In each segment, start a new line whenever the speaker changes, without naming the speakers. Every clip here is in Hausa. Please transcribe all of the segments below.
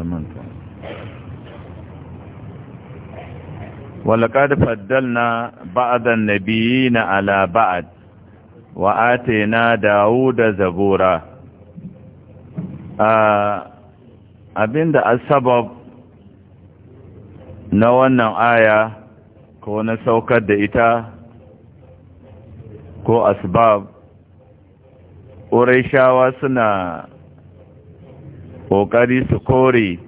manta faddal na ba'adan na biyi na alaba'ad wa ate na dawo da zabura ah, abinda asabab na wannan aya ko na saukar da ita ko asbab ƙorai suna ƙoƙari su kore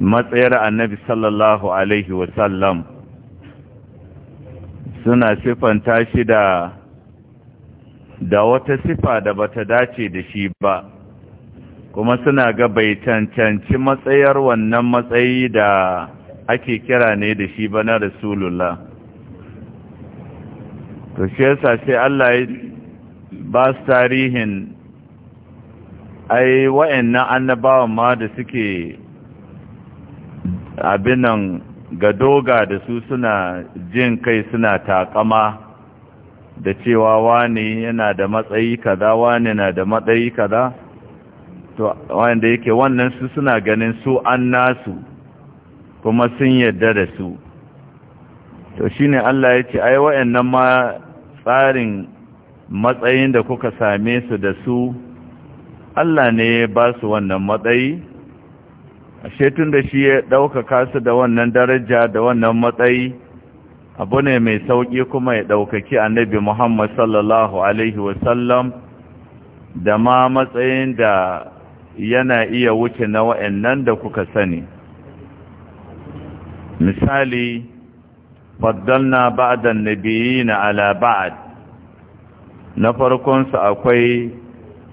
matsayar annabi sallallahu alaihi wasallam suna siffanta shi da da wata sifa da bata dace da shi ba kuma suna ga bai cancanci matsayar wannan matsayi da ake kira ne da shi ba na rasulullah to shi yasa sai Allah ya ba tarihin ai wa'annan annabawan ma da suke abin nan ga doga da su suna jin kai suna takama da cewa wani yana da matsayi kaza wani na da matsayi kaza to wanda yake wannan su suna ganin su an nasu kuma sun yarda da su to shine Allah ya ce ai wa'annan ma tsarin matsayin da kuka same su da su Allah ne ya ba su wannan matsayi ashe tun da shi ya ɗaukaka su da wannan daraja da wannan matsayi abu ne mai sauƙi kuma ya ɗaukaki annabi Muhammad sallallahu Alaihi wasallam da ma matsayin da yana iya wuce na wa'yannan da kuka sani. Misali, faddalna ba'adan nabiyina ala ba'ad na farkonsu akwai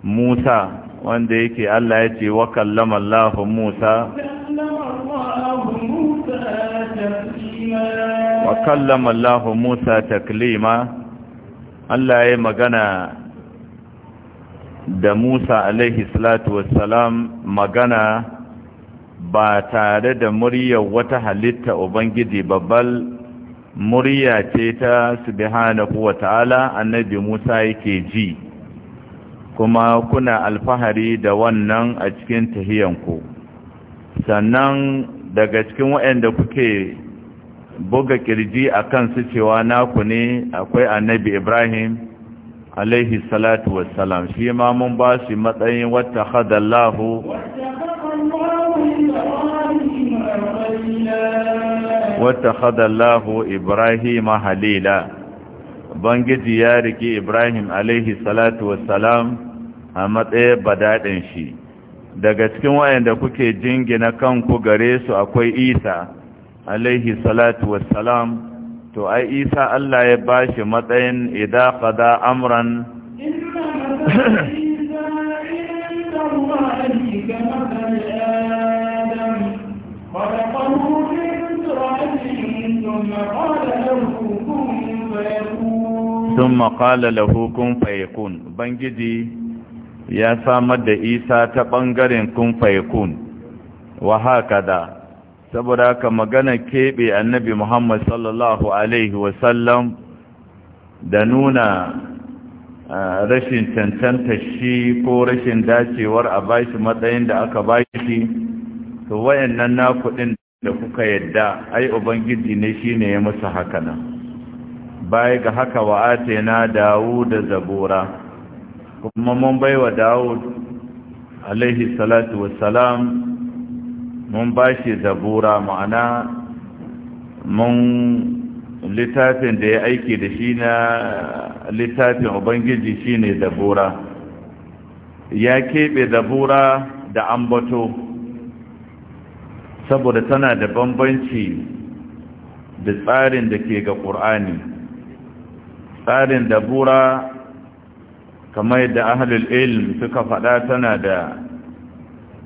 Musa wanda yake Allah ya ce wa kallama Allah Musa wa kallama Allah Musa taklima Allah ya magana da Musa alaihi salatu wassalam magana ba tare da muryar wata halitta Ubangiji babbal murya ce ta subhanahu wa ta'ala annabi Musa yake ji kuma kuna alfahari da wannan a cikin tahiyanku sannan daga cikin waɗanda kuke buga ƙirji a kansu cewa naku ne akwai annabi ibrahim alaihi salatu wassalam shi ma mun ba shi matsayin wata hadallahu wata hadallahu ibrahim halila bangiji ya rike ibrahim alaihi salatu salam a matsayin badaɗin shi daga cikin wayanda kuke jingina kanku gare su akwai isa alaihi salatu salam to ai isa allah ya ba shi matsayin idan kada amran
خلقه من تراب ثم قال له
sun maƙala lahukun fayakun bangiji ya samar da isa ta ɓangaren kun fayakun wa haka da saboda ka magana keɓe annabi muhammad sallallahu alaihi wasallam da nuna rashin cancanta shi ko rashin dacewar a bashi matsayin da aka bashi to wayannan na kuɗin da kuka yadda ai ubangiji ne shine ya musu haka nan baya ga haka wa atena dawud da zabura kuma mun baiwa dawud alaihi salatu wassalam mun ba shi zabura ma'ana mun littafin da ya aiki da shi na littafin ubangiji shine zabura ya keɓe zabura da ambato saboda tana da bambanci da tsarin da ke ga ƙur'ani tsarin dabura bura kamar yadda ahalul ilm suka faɗa tana da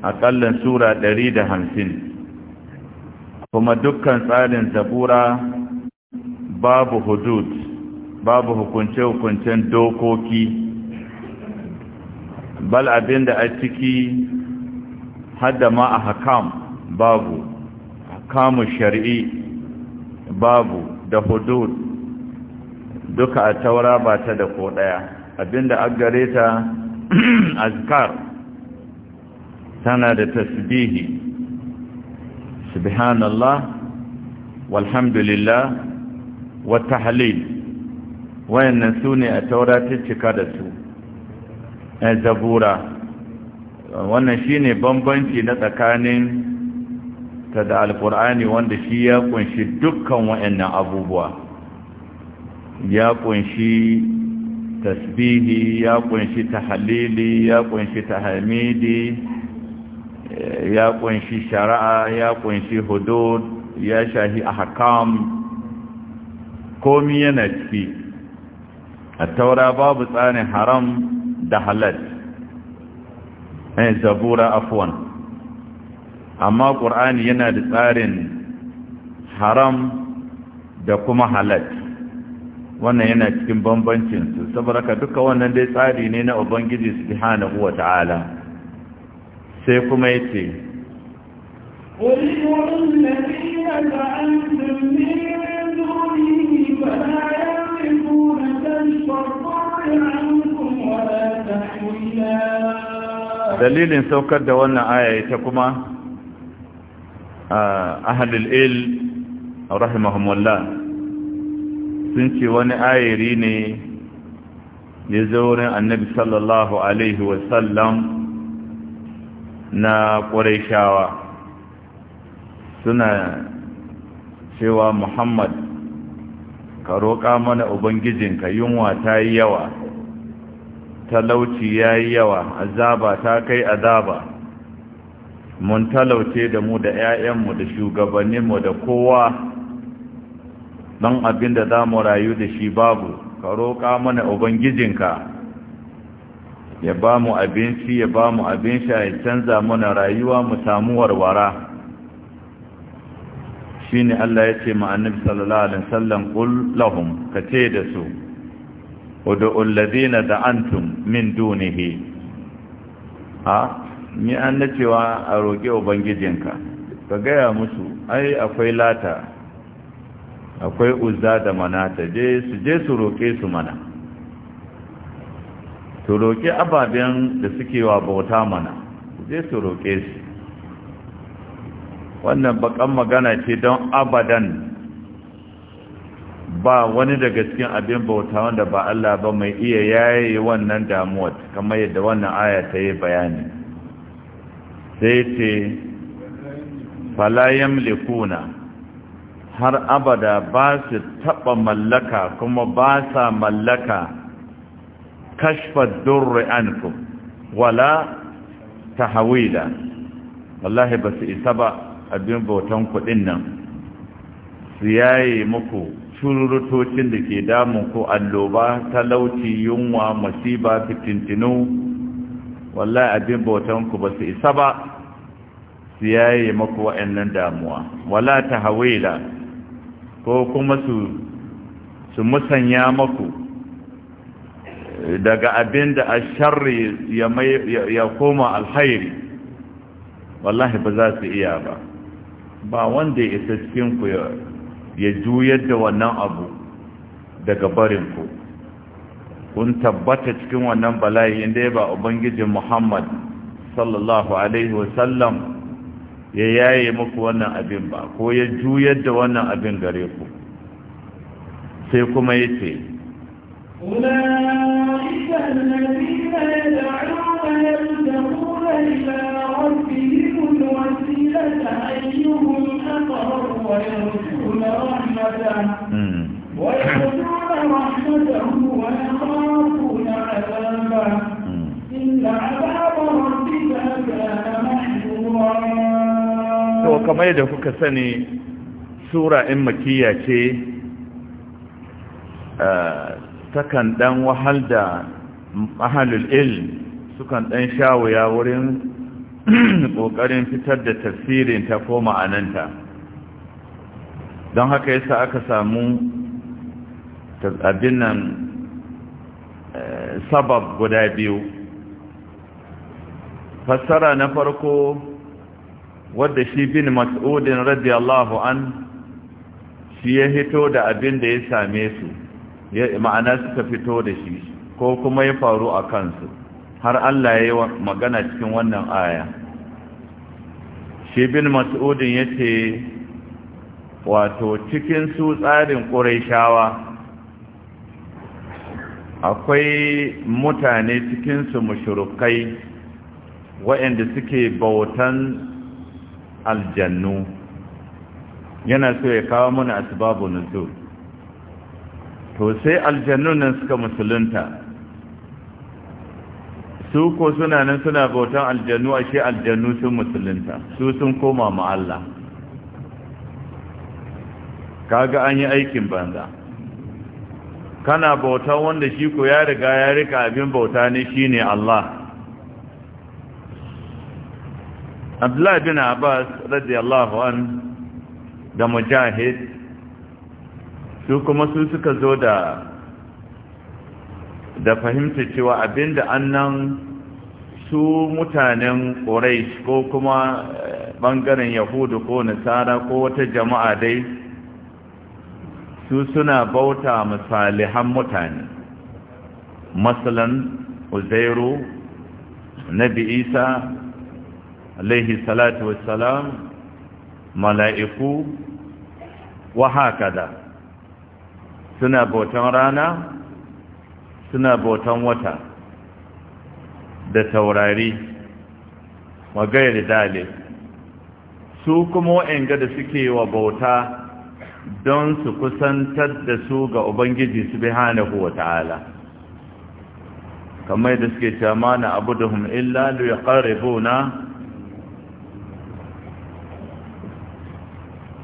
aƙallan sura ɗari da hamsin kuma dukkan tsarin dabura babu hudud babu hukunce-hukuncen dokoki bal abin da a ciki hadda ma a hakam babu hakamun shari'i babu da hudud duka a taura ba ta da ko ɗaya abinda an gare ta azkar tana da tasbihi subhanallah walhamdulillah wata halil wayannan su ne a taura ta cika da su a eh, zabura wannan shine bambanci na tsakanin ta da alkur'ani wanda shi ya kunshi dukkan wayannan abubuwa ya kunshi tasbihi ya kunshi tahlili ya kunshi tahmidi eh, ya kunshi shari'a ya kunshi hudud ya shahi ahkam komi yana ciki a taura babu tsarin haram da halal eh, zabura afwan amma ƙur'ani yana da tsarin haram da kuma halal wannan yana cikin bambancin su saboda ka duka wannan dai tsari ne na ubangiji subhanahu ta'ala sai kuma yace dalilin saukar da wannan aya ita kuma ahlul il rahimahumullah sun ce wani ayari ne ya zo wurin annabi sallallahu alaihi wasallam na ƙwarishawa suna cewa muhammad ka roƙa mana ka, yunwa ta yi yawa talauci ya yi yawa azaba ta kai azaba mun talauce da mu da 'ya'yanmu da shugabanninmu da kowa don abin da za mu rayu da shi babu ka roƙa mana ubangijinka ya ba mu abinci ya ba mu abin sha ya canza mana rayuwa mu samu warwara shine Allah ya ce ma'annabi sallallahu alaihi wasallam qul lahum kace da su na da da'antum min dunihi ha ni an cewa a roƙe ubangijinka ka gaya musu ai akwai lata akwai uzza da manata je su je su roƙe su mana su roƙe ababen da suke wa bauta mana je su roƙe su wannan bakan magana ce don abadan ba wani daga cikin abin bauta wanda ba Allah ba mai iya yayi wannan damuwa kamar yadda wannan aya ta yi bayani sai ce fala yamlikuna har abada ba su taɓa mallaka kuma ba sa mallaka kashfar durri ankum wala ta wallahi ba su isa ba abin bautan kuɗin nan su yaye muku da ke damun ku, alloba talauci yunwa masiba fitintinu wallahi abin bautan ku ba su isa ba su yaye muku wa'annan damuwa wala ta ko kuma su su musanya maku daga abin da a ya koma alhairi wallahi ba za su iya ba ba wanda ya isa cikinku ya juyar da wannan abu daga barinku kun tabbata cikin wannan bala'i inda ya ba ubangijin muhammad sallallahu alaihi wasallam ya yaye muku wannan abin ba ko ya juyar da wannan abin gare ku sai kuma ya ce
ويرجون رحمته ويخافون عذابه إن عذابه
kamar yadda kuka sani sura in makiya ce eh, takan dan wahal da mahalul ilm sukan ɗan shawuya wurin ƙoƙarin fitar da tafsirin ta ko ma'ananta don haka yasa aka samu abin nan eh, sabab guda biyu fassara na farko wadda shi bin mas'udin radiyallahu an shi ya hito da abin da ya same su ma'ana suka fito da shi ko kuma ya faru a kansu har Allah ya yi magana cikin wannan aya shi bin mas'udin ya ce wato cikin su tsarin ƙuraishawa akwai mutane cikinsu mashirukai waɗanda suke bautan aljannu yana so ya kawo mana asbabu nuzul to sai aljannun nan suka musulunta su ko suna nan suna bautan aljannu ashe aljannu sun musulunta su sun koma ma Allah kaga an yi aikin banza kana bautan wanda shi ko ya riga ya rika abin bauta ne shine Allah abdullahi bin abbas radiyallahu an da mujahid su kuma su suka zo da da fahimta cewa abinda annan su mutanen Quraysh ko kuma eh, bangaren yahudu ko nasara ko wata jama'a dai su suna bauta misalihan mutane masalan uzairu nabi isa alaihi salatu wassalam mala'iku wa hakada suna bautan rana suna bautan wata da taurari magayar dali su kuma wa'anga da suke wa bauta don su kusantar da su ga ubangiji su bi hannahu wa ta'ala kamar da suke cewa mana abu da illa lu ya ƙarfi na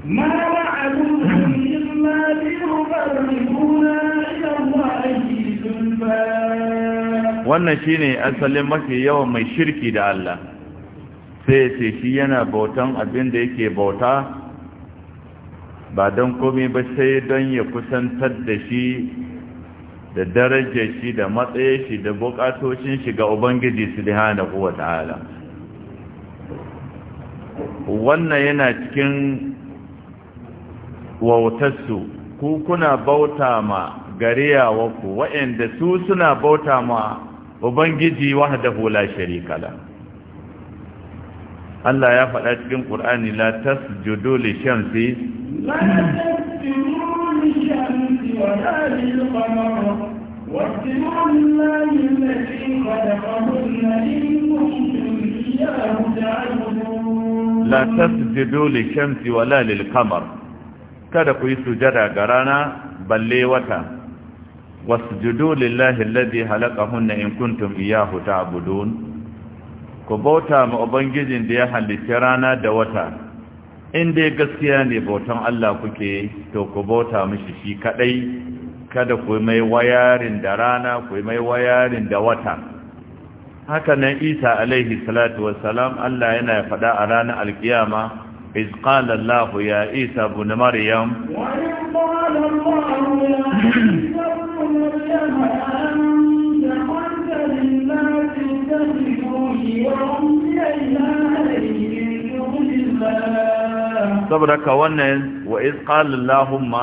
wannan shi ne
wannan shine asalin mafi yawan mai shirki da Allah sai ce shi yana bautan abin da yake bauta ba don komai ba sai don ya kusantar da shi da darajar shi da matsaye shi da bukatocin shi ga Ubangiji subhanahu wata'ala wannan yana cikin wautarsu ku kuna bauta ma waku, wa'anda su suna bauta ma ubangiji wahdahu la sharika la Allah ya faɗa cikin Qur'ani la tasjudu li shamsi
la tasjudu li shamsi la lil qamar shamsi
wa la lil kada ku yi sujada ga rana balle wata wasjudu lillahi alladhi halaqahunna in kuntum iyyahu ta'budun ku bauta ma ubangijin da ya halicci rana da wata in dai gaskiya ne bautan Allah kuke to ku bauta mishi shi kadai kada ku mai wayarin da rana ku mai wayarin da wata haka nan Isa alaihi salatu wassalam Allah yana faɗa a ranar alkiyama إذ قال الله يا عيسى بن مريم وإذ
قال الله يا عيسى بن مريم أنت قلت للناس اتخذوني وأمي إلهي من الله
صبرك ونن وإذ قال اللهم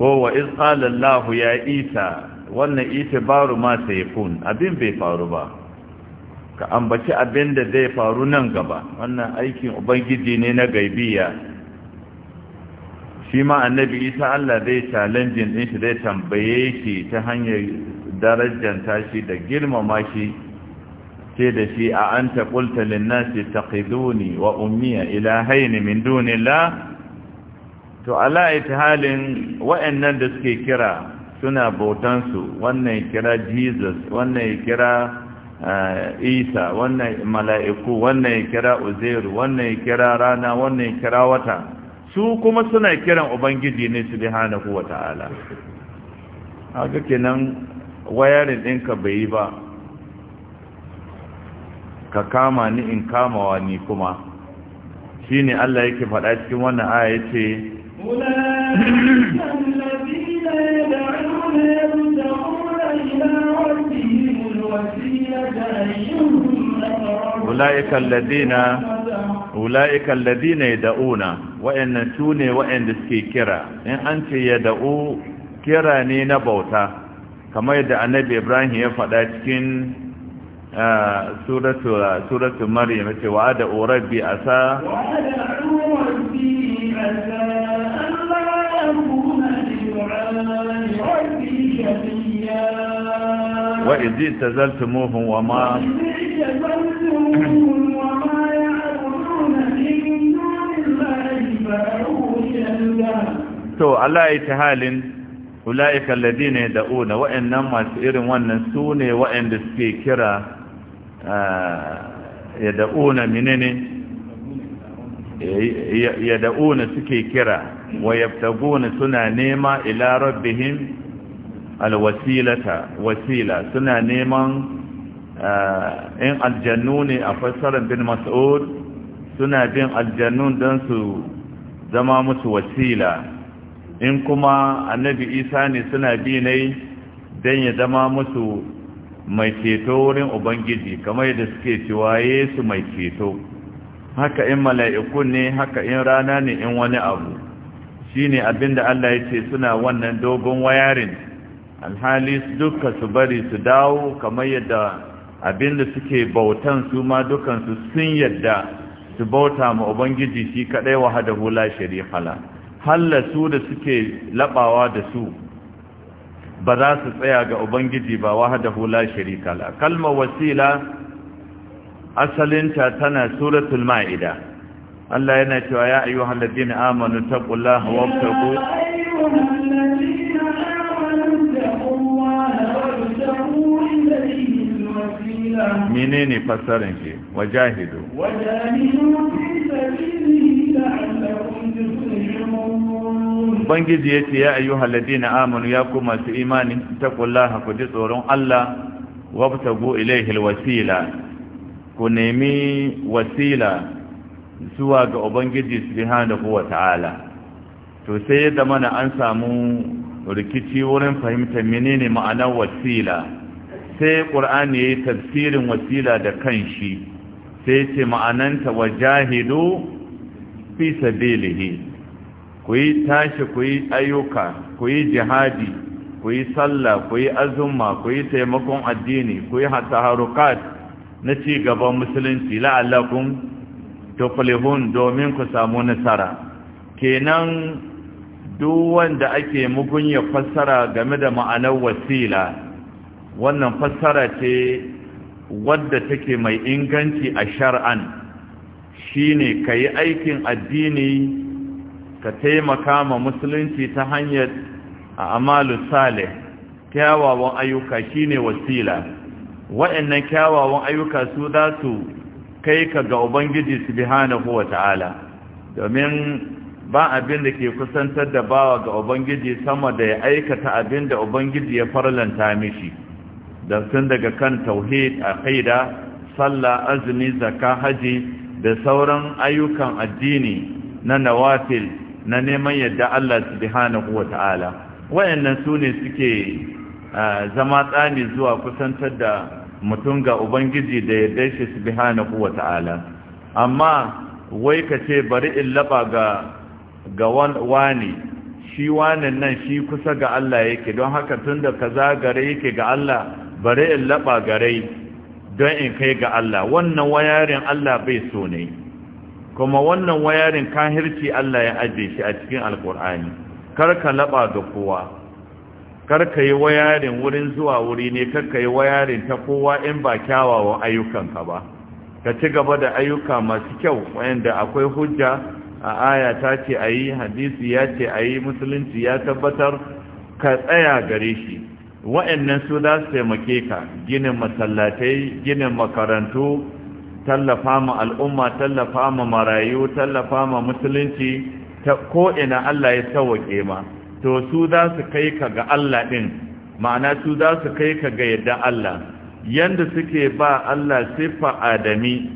ko wa izqala Allah ya Isa wannan itibaru ma sayfun abin bai faru ba ka ambaci abin da zai faru nan gaba wannan aikin ubangiji ne na gaibiya shi ma annabi isa Allah zai challenge din shi zai tambaye shi ta hanyar darajanta shi da girmama shi ce da shi a an qulta lin nasi taqiduni wa ummiya ilahayn min dunillah to ala halin wa'annan da suke kira suna bautansu wannan ya kira Jesus wannan kira Eh, isa wannan mala'iku wannan ya kira uzairu wannan ya kira rana wannan ya kira wata su kuma suna kiran ubangiji ne su ta'ala? A haka kenan wayarin ɗinka bai yi ba ka kama ni in kamawa ni kuma shi ne Allah yake faɗa cikin wannan aya ya ce
وَلَا ulaika
alladina ulaika alladina yad'una wa inna tuni wa suke kira in an ce yad'u kira ne na bauta kamar da annabi ibrahim ya faɗa cikin uh, suratu maryam ce wa da rabbi asa
Allah ya kuna wa izi
ta wa ma to Allah ya ta halin ula'ika ladina da'una wa'annan masu irin wannan su ne wa'anda suke kira ya da'una menene ya suke kira wa yabtaguna suna nema ila rabbihim alwasilata wasila suna neman eh, in aljannu ne a fassarar bin mas'ud suna bin aljannun don su zama musu wasila in kuma annabi isa ne suna bi ne don ya zama musu mai ceto wurin ubangiji kamar yadda suke cewa yesu mai ceto haka in mala'iku ne haka in rana ne in wani abu shi ne abinda allah ya ce suna wannan dogon wayarin alhali duka su bari su dawo kamar yadda abinda suke bautan su ma dukansu sun yadda su bauta ma ubangiji shi kadai wahada hula shari'a halla su da suke labawa da su ba za su tsaya ga ubangiji ba wahada hula sharikala kalma wasila asalinta tana suratul ma'ida Allah yana cewa ya ayyuhallazina amanu taqullaha wattaqu menene fassaran ke wajahidu Ubangiji ya ce ya ayyu halladina amanu ya ku masu imani taqullaha ku ji tsoron Allah wabtagu ilaihil wasila ku nemi wasila zuwa ga Ubangiji wa ta'ala, to sai yadda mana an samu rikici wurin fahimtar menene ma'anar wasila sai ƙur'ani ya yi tafsirin wasila da kanshi sai ce ma'ananta wa jahidu fi sabilihi ku yi tashi ku yi ayyuka ku yi jihadi ku yi sallah ku yi azumma ku yi taimakon addini ku yi taharukat na ci gaban musulunci la'allakum tuflihun domin ku samu nasara kenan duk wanda ake mugunya fassara game da ma'anar wasila wannan fassara ce wadda take mai inganci a shar'an shine ka yi aikin addini ka taimaka ma musulunci ta hanyar a amalu salih kyawawan ayyuka shine wasila Waɗannan kyawawan ayyuka su za su kai ka ga ubangiji su subhanahu ta'ala, domin ba abin da ke kusantar da bawa ga Ubangiji sama da ya aikata abin da Ubangiji ya farlanta mishi da sun daga kan tauhid a aqida sallah azumi zakka haji da sauran ayyukan addini na nawafil na neman yadda Allah subhanahu wata'ala wayannan sune suke zama tsani zuwa kusantar da mutum ga ubangiji da yadda shi subhanahu wata'ala amma wai kace bari in laba ga ga wani shi wani nan shi kusa ga Allah yake don haka tunda kaza gare yake ga Allah bare in laɓa garai don in kai ga Allah wannan wayarin Allah bai so ne kuma wannan wayarin kahirci Allah ya ajiye shi a cikin alkur'ani kar ka laɓa ga kowa kar ka yi wayarin wurin zuwa wuri ne kar ka yi wayarin ta kowa in ba kyawawan ayyukanka ba ka ci gaba da ayyuka masu kyau wayanda akwai hujja a aya ta ce a yi hadisi ya ce a yi musulunci ya tabbatar ka tsaya gare shi wa'annan su za su taimake ka ginin masallatai ginin makarantu tallafa ma al'umma tallafa ma marayu tallafa ma musulunci ko ina Allah ya sauwake ma to su za su kai ka ga Allah ɗin ma'ana su za su kai ka ga yadda Allah yanda suke ba Allah siffa adami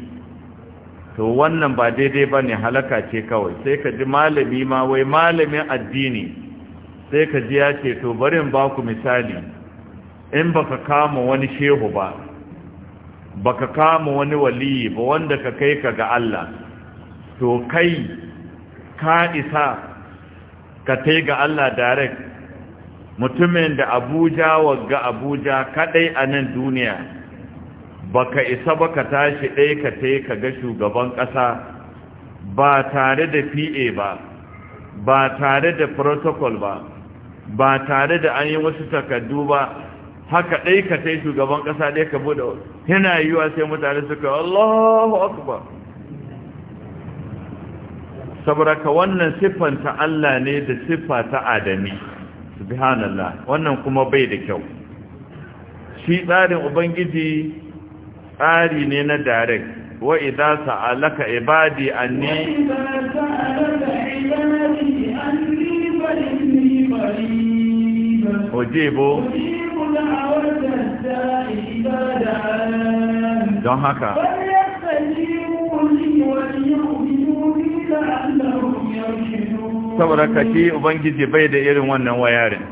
to wannan ba daidai ba ne halaka ce kawai sai ka ji malami ma wai malamin addini sai ka ji ya ce to bari in baku misali in baka kama wani shehu ba baka kama wani waliyi ba wanda ka kai ka ga Allah to kai ka isa ka kai ga Allah direct mutumin da Abuja wagga Abuja kadai a nan duniya baka isa baka tashi ɗaya ka kai ka ga shugaban ƙasa ba tare da PA ba ba tare da protocol ba ba tare da an yi wasu takardu ba haka ɗai ka tai shugaban ƙasa ɗai ka buɗe yana yiwuwa sai mutane suka Allahu akbar saboda ka wannan siffanta Allah ne da siffa ta Adami subhanallah wannan kuma bai da kyau shi tsarin ubangiji tsari ne na direct wa idza sa'alaka ibadi anni wa
idza sa'alaka ibadi anni
Ojebo. Don haka.
saboda kashi
ubangiji bai da irin wannan wayarin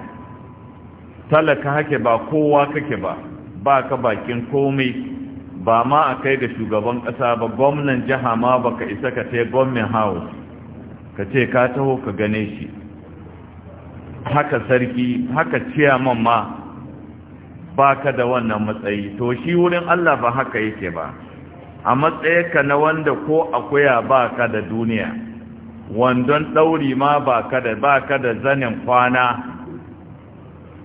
talaka hake ba kowa kake ba ba ka bakin komai ba ma a kai da shugaban ƙasa ba gwamnan jiha ma baka isa ka ta gwamnan house ka ce ka taho ka gane shi haka sarki haka ciyaman ma ba ka da wannan matsayi to shi wurin Allah ba haka yake ba a matsayinka na wanda ko akuya ba ka da duniya wandon ɗauri ma ba ka da ba ka da zanin kwana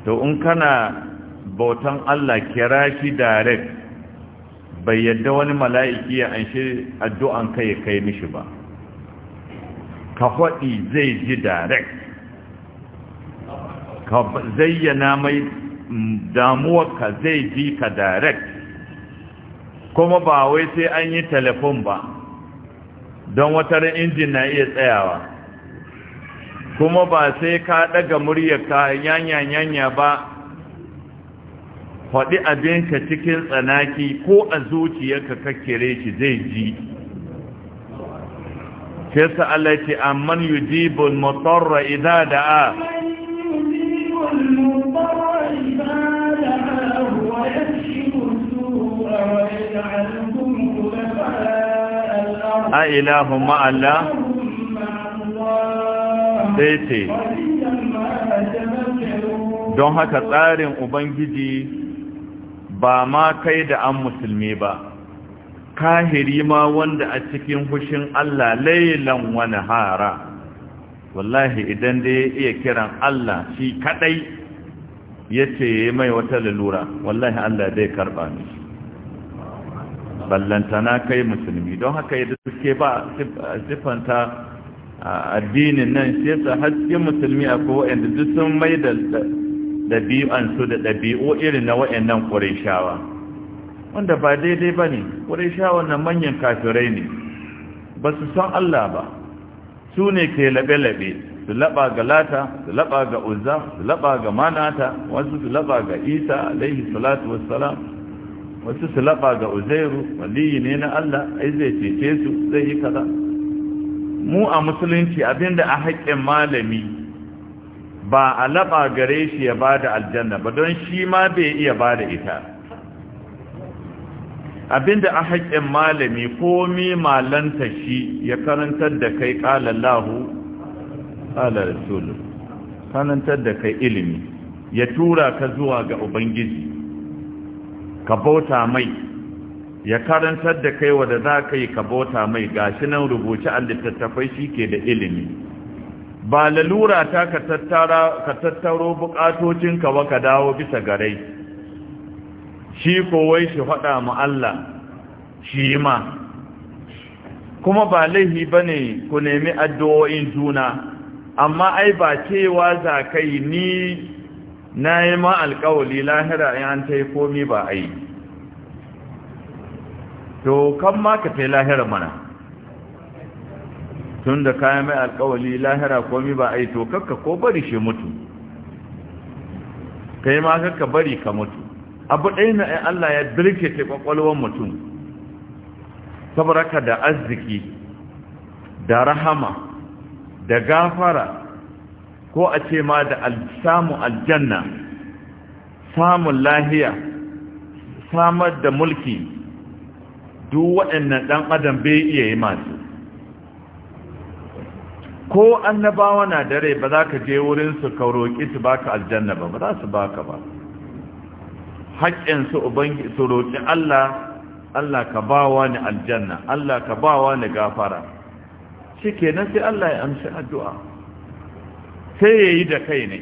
to in kana bautan Allah kira shi direct bai yadda wani mala'iki ya anshi addu'an kai kai mishi ba ka faɗi zai ji direct ka zayyana mai damuwarka zai ji ka direct kuma ba wai sai an yi telefon ba don watar injin na iya tsayawa kuma ba sai ka daga muryarka yanya-yanya ba faɗi abinka cikin tsanaki ko a zuciyarka ka kere shi zai ji sai sa'alaci amman yujibul mutarra idza da'a a ilahu ma'alla sai ce don haka tsarin ubangiji ba ma kai da an musulmi ba kahiri ma wanda a cikin hushin Allah lailan wani hara wallahi idan da ya iya kiran Allah shi kadai ya ce mai wata lalura wallahi Allah zai karba mishi ballantana kai musulmi don haka yadda suke ba siffanta addinin nan shi yasa hasken musulmi a ko wa'anda duk sun mai da ɗabi'ansu da ɗabi'u irin na wa'annan ƙurishawa wanda ba daidai ba ne ƙurishawa na manyan kafirai ne ba su san Allah ba su ne ke laɓe-laɓe su laɓa ga lata su laɓa ga uzza su laɓa ga manata wasu su laɓa ga isa alaihi salatu wassalam wasu su laba ga uzairu waliyi ne na Allah ai zai cece su zai yi kaza mu a musulunci abinda a haƙƙin malami ba a laba gare shi ya bada aljanna ba don shi ma bai iya bada ita abinda a haƙƙin malami komi malanta shi ya karantar da kai ƙalallahu ƙalar rasulun karantar da kai ilimi ya tura ka zuwa ga ubangiji ka bauta mai ya karantar da kai wadda za ka yi ka bauta mai gashi nan rubuce a littattafai shi ke da ilimi ba lalura ta ka tattaro bukatocinka ba ka dawo bisa garai shi kowai shi faɗa mu Allah shi ma kuma ba laifi ba ne ku nemi addu'o'in juna amma ai ba cewa za ka ni na yi ma alkawali lahira in an ta yi komi ba a yi to kan ma ka ta yi lahira mana tun da kayan mai alkawali lahira komi ba a yi to kakka ko bari shi mutu ka yi ma kakka bari ka mutu abu ɗaya na in Allah ya dirke ta ƙwaƙwalwar mutum saboda da arziki da rahama da gafara ko a ce ma da samun aljanna samun lahiya samar da mulki duk waɗannan ɗan adam bai iya yi masu ko annabawa na dare ba za ka je wurinsu ka roƙi su baka aljanna ba ba za su baka ba haƙƙinsu su roƙi Allah Allah ka bawa ni aljanna Allah ka bawa ni gafara shi kenan sai Allah ya amshi addu'a sai ya yi da kai ne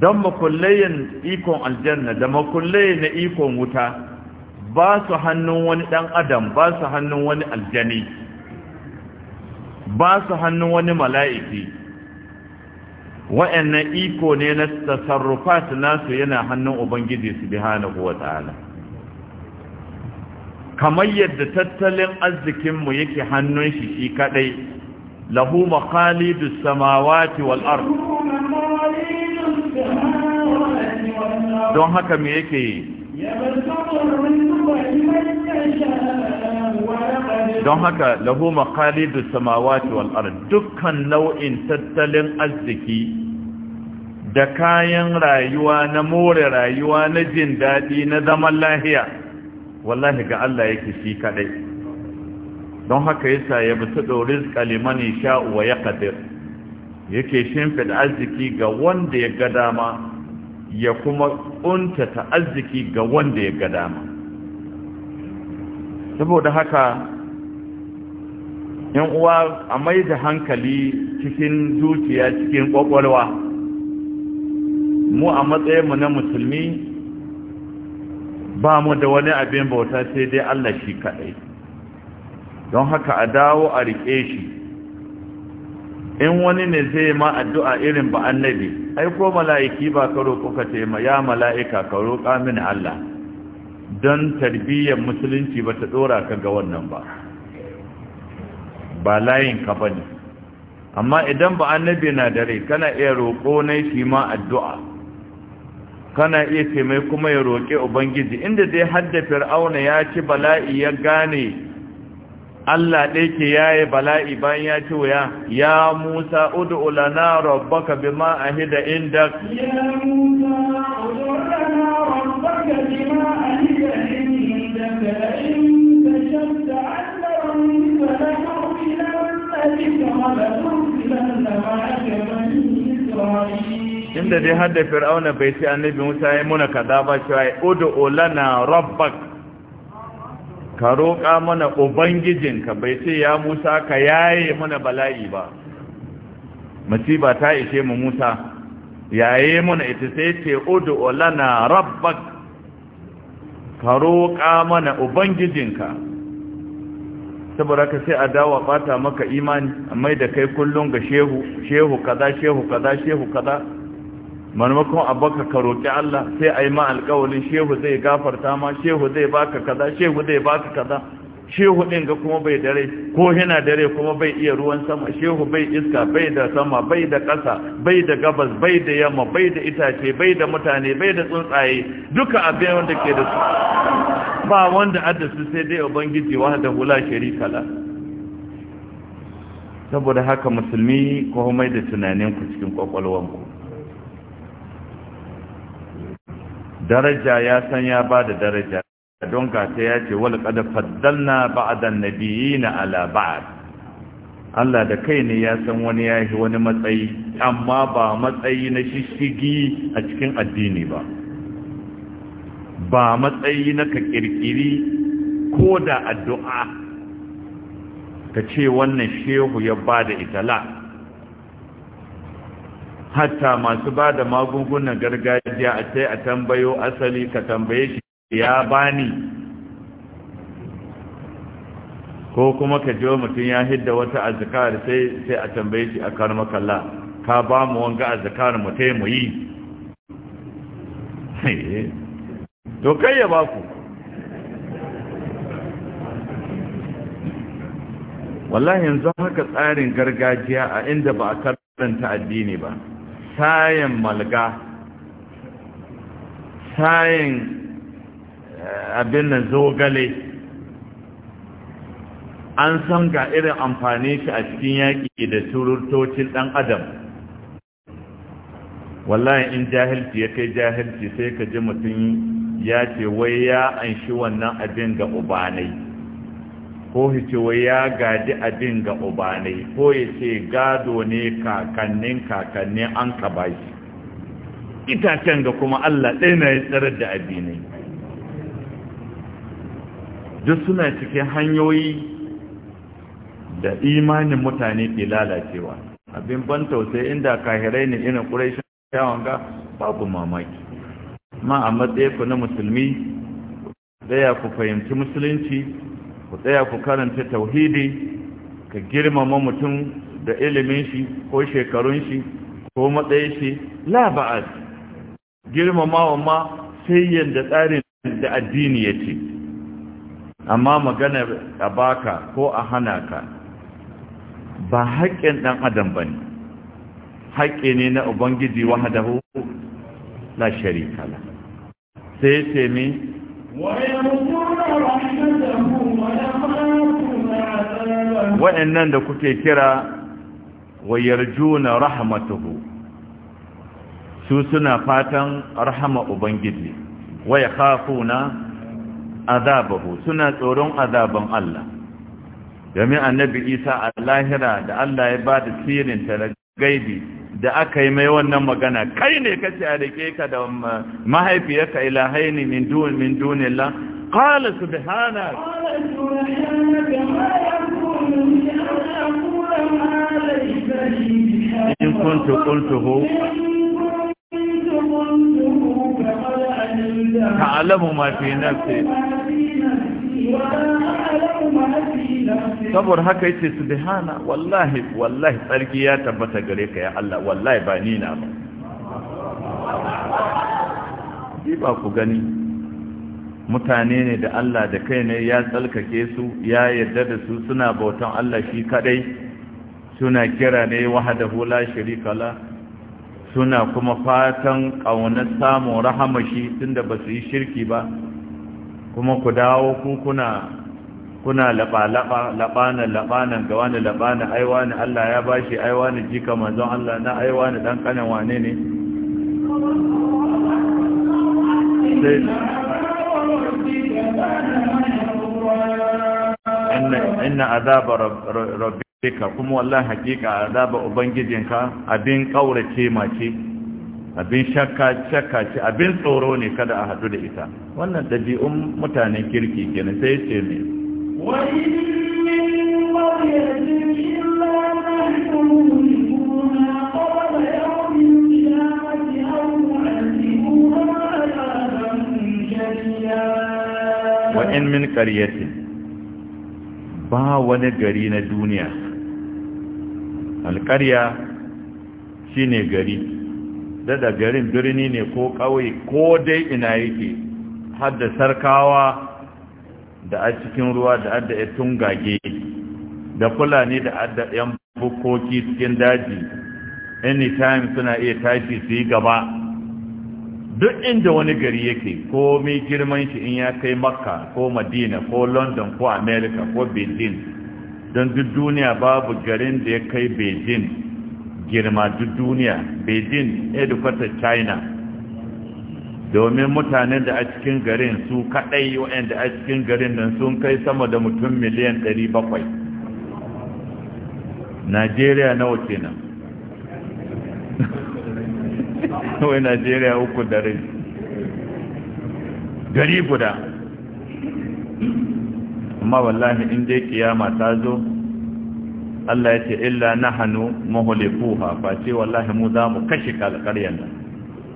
don makullayen ikon aljanna da makullayen na ikon wuta ba su hannun wani ɗan adam ba su hannun wani aljani ba su hannun wani mala'iki wa'annan iko ne na tasarrufat nasu yana hannun ubangiji su bi hana kuwa ta'ala kamar yadda tattalin arzikinmu yake hannun shi shi kaɗai lahu maqalidus samawati wal don haka me yake yi don haka lahu maqalidus samawati wal dukkan nau'in tattalin arziki da kayan rayuwa na more rayuwa na jin daɗi na zaman lahiya wallahi ga Allah yake shi kadai don haka yasa ya bi rizqa kalimani yasha wa kadir yake shimfid arziki ga wanda ya ga dama ya kuma ta arziki ga wanda ya ga dama saboda haka yan uwa a mai da hankali cikin zuciya cikin ƙwaƙwalwa, mu a matsayinmu na musulmi ba mu da wani abin bauta sai dai Allah shi kaɗai don haka a dawo a riƙe shi in wani ne zai ma addu'a irin ba annabi ai ko mala'iki ba ka roƙo ka ce ya mala'ika ka roƙa min Allah don tarbiyyar musulunci ba ta ɗora ka ga wannan ba ba layin ka ba ne amma idan ba annabi na dare kana iya roƙo na shi ma addu'a kana iya ce mai kuma ya roƙe ubangiji inda dai hadda fir'auna ya ci bala'i ya gane Allah ɗai ke yaye bala'i bayan ya ce wuya, ya Musa, udu lana rabbaka bima Ya
Musa, rabbaka da
Inda dai hada fir'auna bai ce annabi Musa ya muna kaza ba cewa, udu rabbaka ka roƙa mana ubangijinka bai ce ya musa ka yaye mana bala'i ba masiba ta ishe mu musa yaye mana ita sai ce udu lana rabbak ka roƙa mana ubangijinka saboda ka sai a dawa bata maka imani mai da kai kullum ga shehu shehu kaza shehu kaza shehu kaza maimakon abaka ka roƙi Allah sai a yi ma alƙawalin shehu zai gafarta ma shehu zai baka kaza shehu zai baka kaza shehu ɗin ga kuma bai dare ko yana dare kuma bai iya ruwan sama shehu bai iska bai da sama bai da ƙasa bai da gabas bai da yamma bai da itace bai da mutane bai da tsuntsaye duka abin wanda ke da su ba wanda addasu sai dai ubangiji da hula sharika la saboda haka musulmi ko mai da tunaninku cikin ku daraja ya san ya ba da daraja don gata ya ce wal kada faddalna na nabiyina ala ba'd Allah da kai ne ya san wani ya yi wani matsayi amma ba matsayi na shishigi a cikin addini ba ba matsayi na ka kirkiri ko da addu'a ka ce wannan shehu ya ba da itala hatta masu ba da magungunan gargajiya a sai a tambayo asali ka tambaye shi ya bani ko kuma ka jiwa mutum ya hidda wata azikar sai sai a tambaye shi a karmakalla ka ba mu wanga azikar mu tai mu yi to kai ya ba ku wallahi yanzu haka tsarin gargajiya a inda ba a karanta addini ba sayin malga sayin eh, abin nan zogale an san ga irin amfani shi a cikin yaƙi da turutocin ɗan adam wallahi in jahilci ya kai jahilci sai ka ji mutum ya ce wai ya an shi wannan abin ga ubanai ko wai ya gadi abin ga ubanai ko ya ce gado ne kakannin kakannin an ka bashi itacen ga kuma Allah ɗaya na ya tsarar da abinai duk suna cikin hanyoyi da imanin mutane ke lalacewa abin ban tausayi inda kahirai ne irin ƙuraishin yawon ga babu mamaki ma a matsayi ku na musulmi daya ku fahimci musulunci ku tsaya ku karanta tauhidi ka girmama mutum da ilimin shi ko shekarun shi ko matsayin shi la ba'ad girmamawa ma sai yadda tsarin da addini ya ce amma magana a baka ko a hana ka ba haƙƙin ɗan adam ba ne haƙƙi ne na ubangiji wahadahu la sharika la sai ce mi
wa yanzu damu?
wa'annan da kuke kira wayarjuna rahmatuhu su suna fatan rahama ubangiji waya khafuna azabahu suna tsoron azaban Allah domin annabi Isa a lahira da Allah ya ba da sirin ta gaibi da aka yi mai wannan magana kai ne kace a rike ka da mahaifiyarka ilahaini min dun min dunillah qala qala subhanaka
إن كنت قلته
تعلم ما في نفسي saboda haka yace subhana wallahi wallahi sarki ya tabbata gare ka ya Allah wallahi ba ni na ba ba ku gani mutane ne da Allah da kai ne ya tsalkake su ya yarda da su suna bautan Allah shi kadai suna kira ne wahdahu hula sharika la suna kuma fatan ƙaunar samun rahama shi tunda ba su yi shirki ba kuma ku dawo ku kuna kuna laɓa-laɓa laɓanan laɓanan ga wani laɓanan aiwa ne Allah ya bashi aiwa ne jika manzon Allah na aiwa ne ɗan kanan wane ne inna azaba rabbika kuma wallahi hakika azaba ubangijinka abin kaurace mace abin shakka shakka ce abin tsoro ne kada a hadu da ita wannan dabi'un mutanen kirki kenan sai ce ne
wa wa
in min qaryatin ba wani gari na duniya alƙarya shi ne gari dada garin birni ne ko kawai ko dai ina yake hadda sarkawa da a cikin ruwa da adda ya tungage da fulani da adda yan bukoki cikin daji anytime suna iya tashi su yi gaba duk inda wani gari yake ko mai girman shi in ya kai makka ko madina ko london ko america ko beijing don duk duniya babu garin da ya kai beijing girma duk duniya beijing edukatar china domin mutanen da a cikin garin su kadai da a cikin garin nan sun kai sama da mutum miliyan 700 najeriya nawa kenan kawai najeriya uku da rai gari guda amma wallahi in dai kiyama ta zo Allah ya ce illa hannu muhlikuha fa ce wallahi mu za mu kashe kalkaryan nan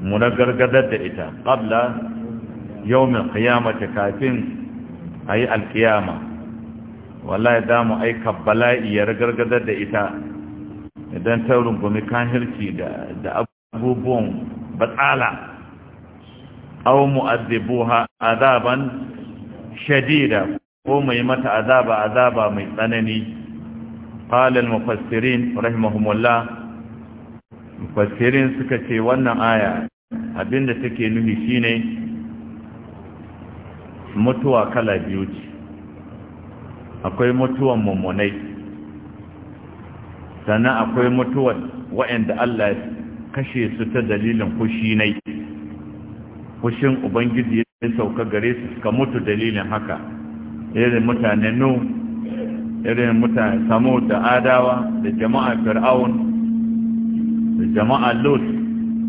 mu na gargadar da ita qabla yawmin qiyamati kafin ayi alqiyama wallahi da mu aika bala'i ya gargadar da ita idan ta rungumi kahirci da da abubuwan batsala aw mu'adhibuha azaban shadida ko mai mata azaba azaba mai tsanani qala al-mufassirin rahimahumullah mufassirin suka ce wannan aya abinda take nufi shine mutuwa kala biyu ce akwai mutuwan mummunai sannan akwai mutuwan waɗanda Allah ya kashe su ta dalilin fushi nai fushin ubangiji ya sauka gare su suka mutu dalilin haka irin mutane nu irin mutane samu da adawa da jama'a fir'aun da jama'a lut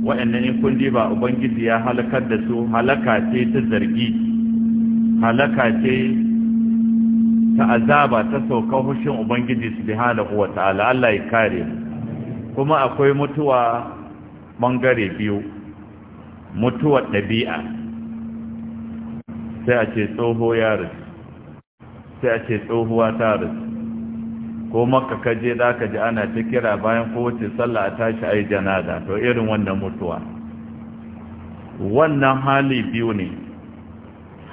wa'annan in kun ba ubangiji ya halakar da su halaka ce ta zargi halaka ce ta azaba ta sauka fushin ubangiji su subhanahu wa ta'ala Allah ya kare kuma akwai mutuwa ɓangare biyu mutuwar ɗabi'a sai a ce tsoho ya rasu sai a ce tsohuwa ta rasu ko maka kaje za ka ji ana ta kira bayan kowace sallah a tashi a yi janaza to irin wannan mutuwa wannan hali biyu ne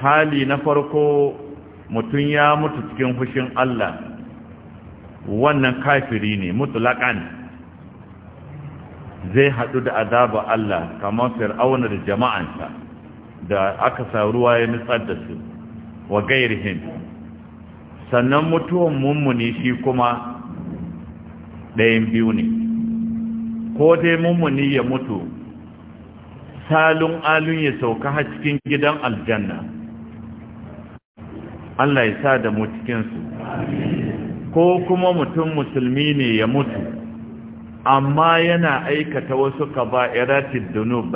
hali na farko mutum ya mutu cikin hushin Allah wannan kafiri ne mutulakan zai haɗu da azaba Allah kamar fir'auna da jama'ansa da aka sa ruwa ya nutsar da su wa gairihin sannan mutuwan mummuni shi kuma ɗayan biyu ne ko dai mummuni ya mutu salun alun ya sauka ha cikin gidan aljanna Allah ya sa da mu cikinsu ko kuma mutum musulmi ne ya mutu amma yana aikata wasu kaba'iratid dunub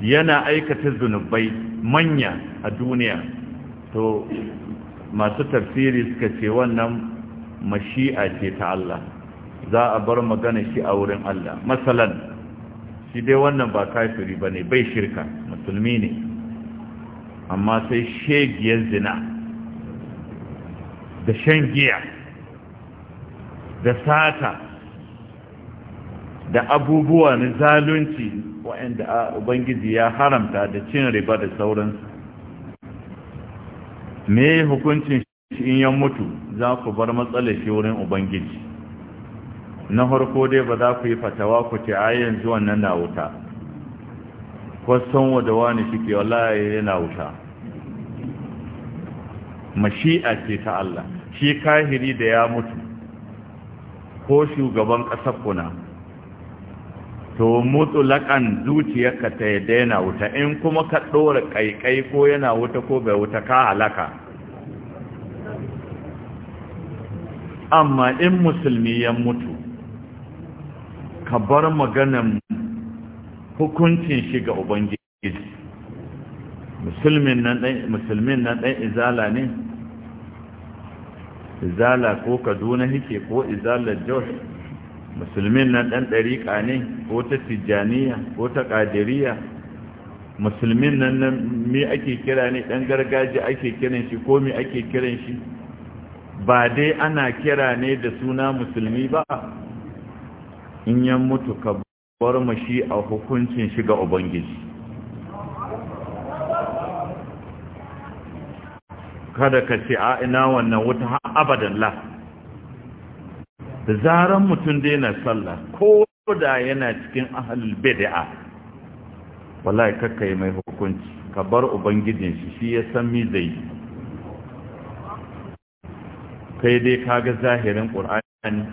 yana aikata zunubai manya a duniya to masu tafsiri suka ce wannan mashi'a ce ta Allah za a bar magana shi a wurin Allah masalan shi dai wannan ba kafiri ba ne, bai shirka musulmi ne amma sai shegiyar zina da shan giya da sata da abubuwa na zalunci waɗanda ubangiji ya haramta da cin riba da sauransu me hukuncin shi in yan mutu za ku bar matsala shi wurin ubangiji na harko dai ba za ku yi fatawa ku ce a yanzu wannan na wuta kwasan da wani shi ke wallaye yana wuta mashi'a ce ta Allah shi kahiri da ya mutu ko shugaban ƙasar kuna to mutulakan zuciyarka ta ya daina wuta in kuma ka ɗora ƙaiƙai ko yana wuta ko bai wuta ka halaka amma in musulmi ya mutu ka bar maganan hukuncin shi ga ubangiji musulmin nan ɗan izala ne izala ko kaduna hike ko izalar jos musulmin nan ɗan ɗariƙa ne ko ta tijjaniya ko ta ƙadiriya musulmin nan nan me ake kira ne ɗan gargajiya ake kiran shi ko me ake kiran shi ba dai ana kira ne da suna musulmi ba in yan mutu ka bar mashi a hukuncin shiga ubangiji kada ka ce a ina wannan wuta abadan la da zaran mutum daina sallah ko da yana cikin ahalul bid'a wallahi yi mai hukunci ka bar ubangijin shi shi ya san mi zai kai dai kaga zahirin qur'ani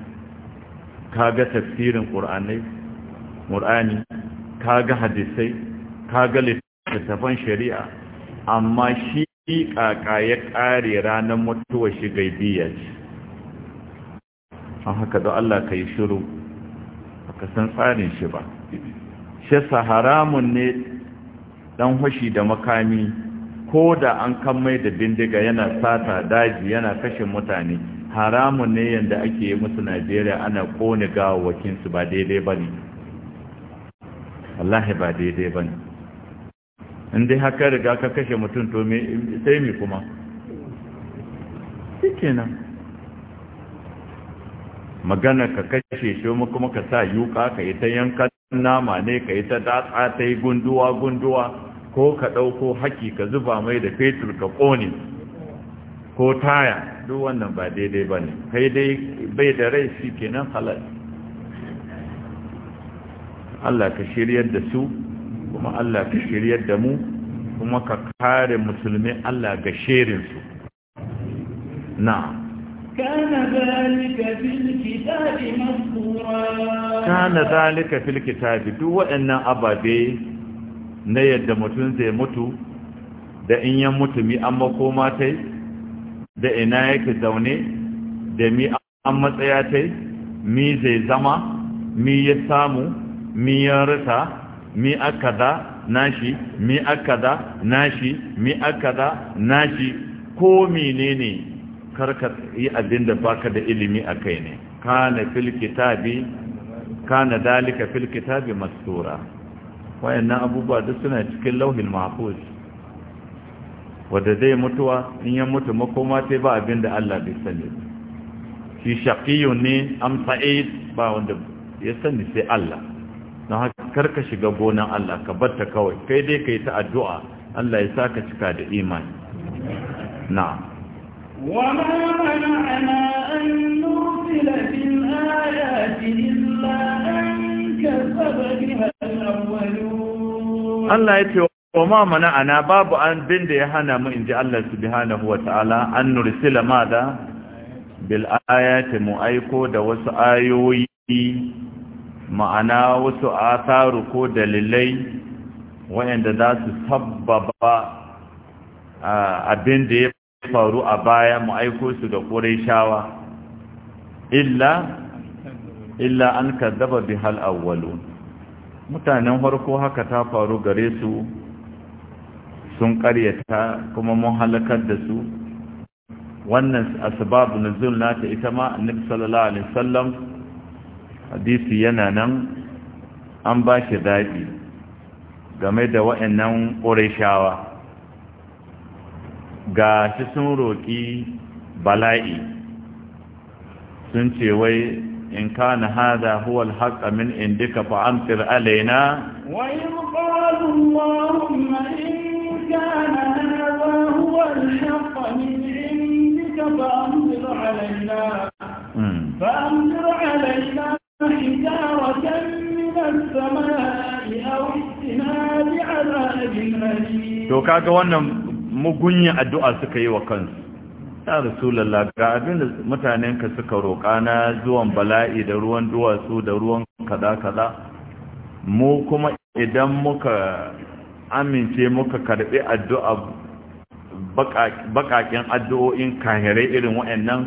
kaga tafsirin qur'ani qur'ani kaga hadisai kaga littafan shari'a amma shi kaka ya kare ranar mutuwa shi gaibiya ce a haka da Allah ka yi shiru ka san tsarin shi ba shi haramun ne dan hushi da makami ko da an mai da bindiga yana sata daji yana kashe mutane haramun ne yadda ake yi musu najeriya ana kone gawawakinsu ba daidai ba ne wallahi ba daidai ba ne inda haka riga ka kashe mutum to sai mai kuma shi magana ka kashe shi kuma ka sa yuka ka yi ta yankan nama ne ka yi ta datsa ta yi gunduwa gunduwa ko ka ɗauko haƙi ka zuba mai da fetur ka ƙone ko taya duk wannan ba daidai ba ne kai dai bai da rai shi kenan halal Allah ka shiryar da su kuma Allah ka shiryar da mu kuma ka kare musulmi Allah ga shirinsu na'am
kana ذلك fil
kitabi duk waɗannan ababe na yadda mutum zai mutu da in yan mutu mi an makoma tai da ina yake zaune da mi an matsaya tai mi zai zama mi ya samu mi ya rasa mi akada nashi mi akada nashi mi akada nashi ko menene karka yi abin da baka da ilimi a kai ne kana fil kitabi kana dalika fil kitabi mastura wayannan abubuwa duk suna cikin lauhin mahfuz wanda zai mutuwa in ya mutu makoma sai ba abin da Allah bai sani shi shaqiyun ne am sa'id ba wanda ya sani sai Allah don haka karka shiga gonan Allah ka bar ta kawai kai dai kai ta addu'a Allah ya saka cika da imani na'am
Allah
ya ce wa mamana ana babu an bin ya hana mu in ji Allah subhanahu wa ta’ala an nursila ma da bil’ayata mu aiko da wasu ayoyi ma’ana wasu asaru ko dalilai wa’yanda za su sabbaba abin da ya faru a baya mu aiko su da ƙorai illa illa an kazzaba bihal awwalun mutanen farko haka ta faru gare su sun ƙaryata kuma mun halakar da su wannan asbabu nuzul nata ita ma annabi sallallahu alaihi wasallam hadisi yana nan an ba shi daɗi game da waɗannan shawa. ga shi sun roƙi bala'i sun ce wai in ka kana haɗa huwal alhaqqa min indika fa amtir alaina wa
in qalu allahumma in kana hada huwa alhaqqa min indika fa amtir alaina hmm. fa amtir alaina حجارة من السماء أو ائتنا بعذاب أليم
to kaga wannan mugunya addu'a suka yi wa kansu ya rasulallah ga abin da ka suka roƙa na zuwan bala'i da ruwan duwatsu da ruwan kada-kada mu kuma idan muka amince muka karɓi addu'a baƙaƙen addu'o'in kahirai irin waɗannan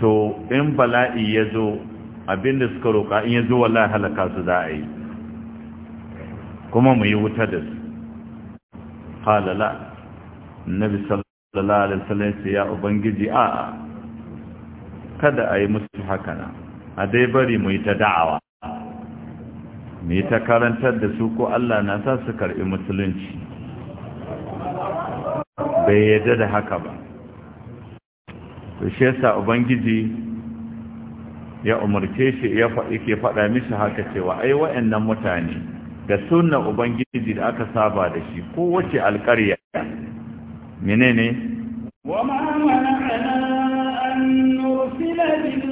to in bala'i ya zo abin da suka roƙa in ya zo wallahi halaka su za a yi kuma mu yi wuta da su qala la annabi sallallahu alaihi wasallam ya ubangiji a kada ayi musu na. a dai bari mu yi ta da'awa mu ta karantar da su ko Allah na sa su karbi musulunci bai yarda da haka ba to shi yasa ubangiji ya umarce shi ya ke faɗa mishi haka cewa ai wa'annan mutane da sunan ubangiji da aka saba da shi ko wace alƙarya menene
wa bil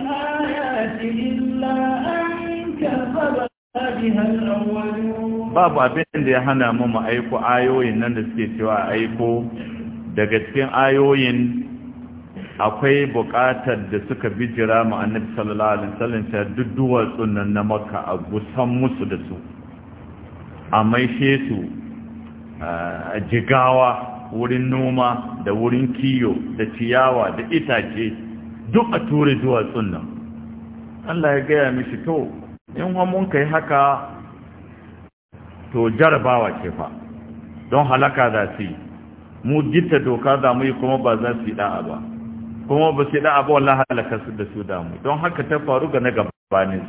ayati illa an أن biha al الأولون
babu abin da ya hana mu mu aiko ayoyin nan da suke cewa aiko daga cikin ayoyin akwai buƙatar da suka bijira mu annabi sallallahu alaihi wasallam ta dudduwa sunan na makka a gusan musu da su a maishe su a jigawa wurin noma da wurin kiyo da ciyawa da itace duk a ture zuwa nan Allah ya gaya mishi to in mun kai haka to jarabawa ke fa don halaka za su mu gita doka za mu yi kuma ba za su yi da'a ba kuma ba su yi da'a ba wallah halaka su da su damu don haka ta faru ga na gabanin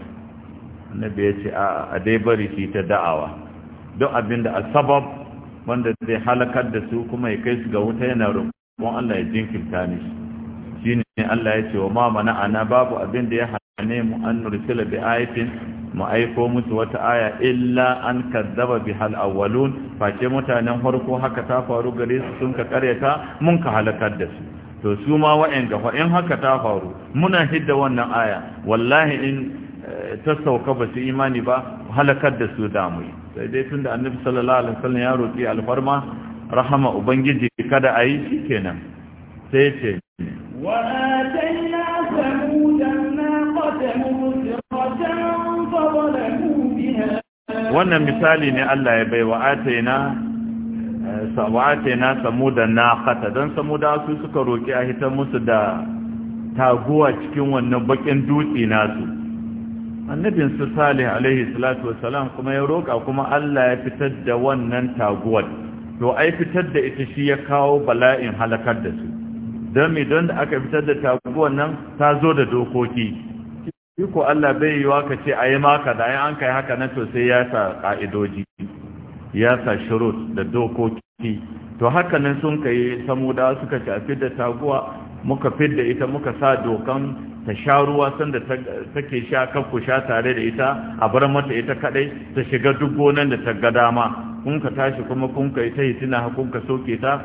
su ce a dai bari shi ta da'awa duk abin da asabab wanda zai halakar da su kuma ya kai su ga wuta yana roƙon Allah ya jinkirta ni shi ne Allah ya ce wa ma mana ana babu abin da ya hane mu an nursila bi ayatin mu aiko musu wata aya illa an kazzaba bi hal awwalun face mutanen farko haka ta faru gare su sun ka karyata mun ka halakar da su to su ma wa'en ga in haka ta faru muna hidda wannan aya wallahi in ta sauka ba su imani ba halakar da su damu sai dai tun da annabi sallallahu alaihi wasallam ya roƙi alfarma rahama ubangiji kada a yi shi kenan sai ce
wa atayna samudan naqatan
wannan misali ne Allah ya bai wa'ataina eh, wa'ataina samuda naqata dan samuda su suka roki a hitan musu da taguwa cikin wannan bakin dutse nasu annabin su salih alaihi salatu wasalam kuma ya roƙa kuma Allah ya fitar da wannan taguwar to ai fitar da ita shi ya kawo bala'in halakar da su don mai don da aka fitar da taguwar nan ta zo da dokoki shi ko Allah bai yiwa ka ce a yi maka da ai an kai haka na to sai ya sa ƙa'idoji ya sa shirut da dokoki to haka nan sun kai da suka shafi da taguwa muka fidda ita muka sa dokan ta sha ruwa sanda take sha ku sha tare da ita a bar mata ita kadai ta shiga duk gonan da ta ga dama kun ka tashi kuma kun ka ita hitina kun ka soke ta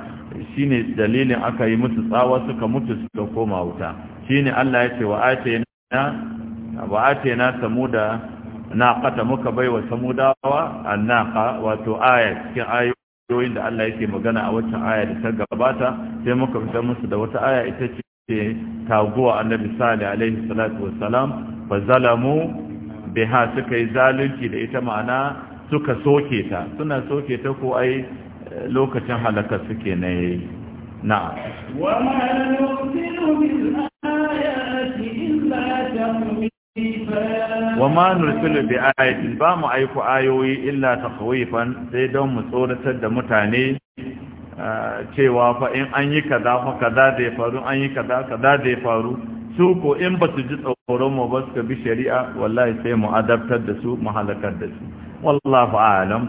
shine dalilin aka yi musu tsawa suka mutu suka koma wuta shine Allah ya ce wa atayna wa atayna samuda naqata muka baiwa wa annaqa wato aya cikin ayo yoyin da Allah yake magana a waccan aya da ta gabata sai muka fita musu da wata aya ita ce taguwa annabi sali alaihi salatu wassalam fa zalamu biha suka yi zalunci da ita ma'ana suka soke ta suna soke ta ko ai eh, lokacin halaka suke na yayi na'
wa ma nursilu bi
ayatin ba mu aiko ayoyi illa takhwifan sai don mu tsoratar da mutane cewa fa in an yi kaza fa kaza da ya faru an yi kaza kaza da ya faru su ko in ba su ji tsoron mu ba suka bi shari'a wallahi sai mu adabtar da su mu halakar da su wallahu a'lam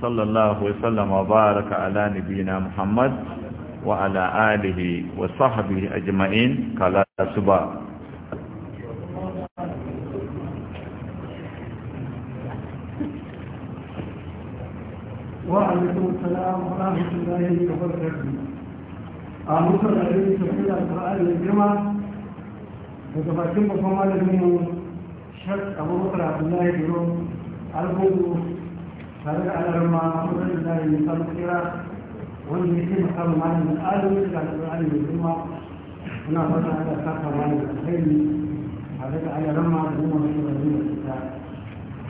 sallallahu wasallam wa baraka ala nabina muhammad wa ala alihi wa sahbihi ajma'in kala suba
وعليكم السلام ورحمة
الله وبركاته أمسر عليه سبيل القرآن للجمع وتفاكم فما لدينه شك أبو بكر عبد الله بن عبد الله على رمى أمر الله من قبل الخيرة والمسيح قبل معنى من آدم على القرآن للجمع هنا فتح على سقف معنى الخيل حضرت على رمى أمر الله من قبل الخيرة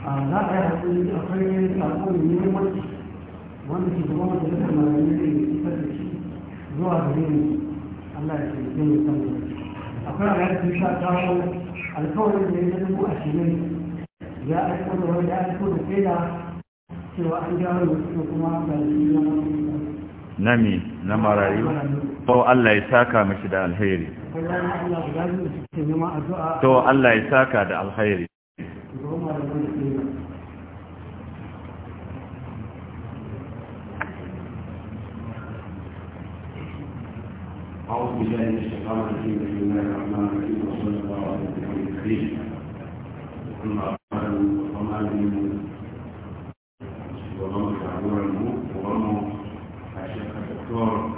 أنا أحب أن أقول لكم wanda ke zuwa da duka marayu ne ke fitar da shi zuwa gare mu Allah ya taimake yin san mu akwai ayar da a kawo alkawarin da ya a dubu ashirin ya aiko
da wani da aiko da sai da cewa an jawo mutum kuma da shi ya
nami na marayu to Allah ya saka mishi da alheri
to Allah ya saka
da alheri
أعوذ بالله من الشيطان الرجيم بسم الله الرحمن الرحيم وصلى الله على النبي الكريم أما بعد فما من وضم الشيخ الدكتور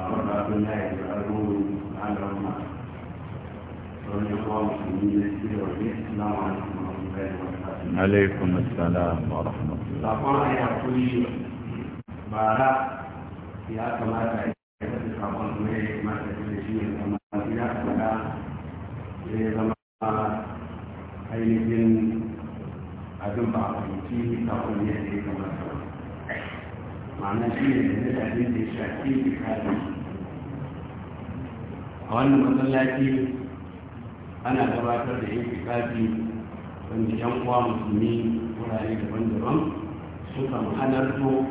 عبد الله العلوم على الرحمن رضي الله المسلمين السلام عليكم ورحمة الله وبركاته
عليكم السلام ورحمة الله. لا يا
أخوي بارك ya kamata a sakon kuma ya da shi zama ya zama ainihin abin ba a ba ma'ana shi ne da abin da a wannan masallaci ana gabatar da ikikafi wanda yan uwa musulmi wurare daban-daban sukan halarto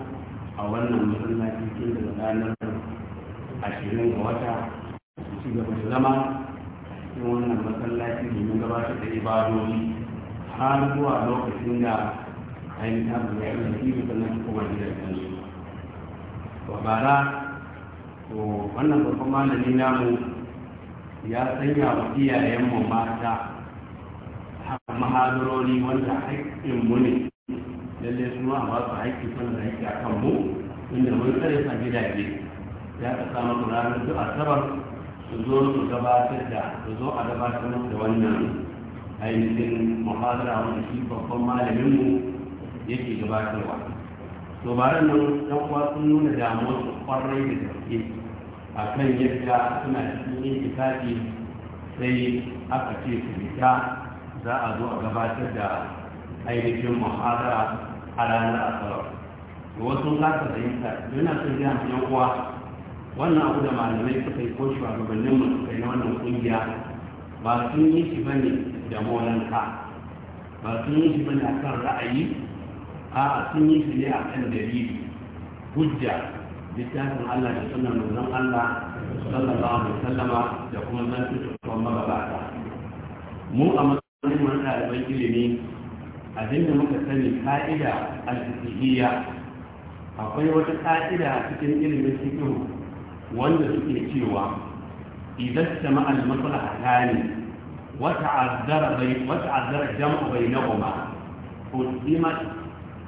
a wannan masallaci tun daga ranar ashirin ga wata su gaba da zama cikin wannan masallaci ta gabatar da ibadoni har zuwa lokacin da ainihin abu ya yi da sannan su kuma gidan kansu ba bara to wannan babban malami namu ya sanya wa iyayenmu mata mahaloroni wanda mu ne lallai suna ba su haƙƙi sannan haƙƙi a kanmu inda mun tsare sa gidaje ya ka samu ranar duk asabar su zo su gabatar da su zo a gabatar da wannan ainihin mahadara wanda shi babban malamin mu yake gabatarwa to bare nan ɗan uwa sun nuna damuwar su kwarai da gaske kan yadda suna cikin intikafi sai aka ce su fita za a zo a gabatar da ainihin mahadara a ranar asabar wasu za ka fahimta yana son hanyar uwa wannan abu da malamai suka yi ko shugabannin mu suka yi na wannan kungiya ba sun yi shi bane da molanka ba sun yi shi bane kan ra'ayi a'a sun yi shi ne a kan dalili hujja littafin Allah da sunan manzon Allah sallallahu alaihi wasallama da kuma zantukan magabata mu a matsayin mu ɗaliban ilimi abinda muka sani ka'ida al-fiqhiyya akwai wata ka'ida cikin ilimin fiqh wanda suke cewa idan sama al-maslaha tani wa ta'azzara bai wa ta'azzara jam'u bainahuma dima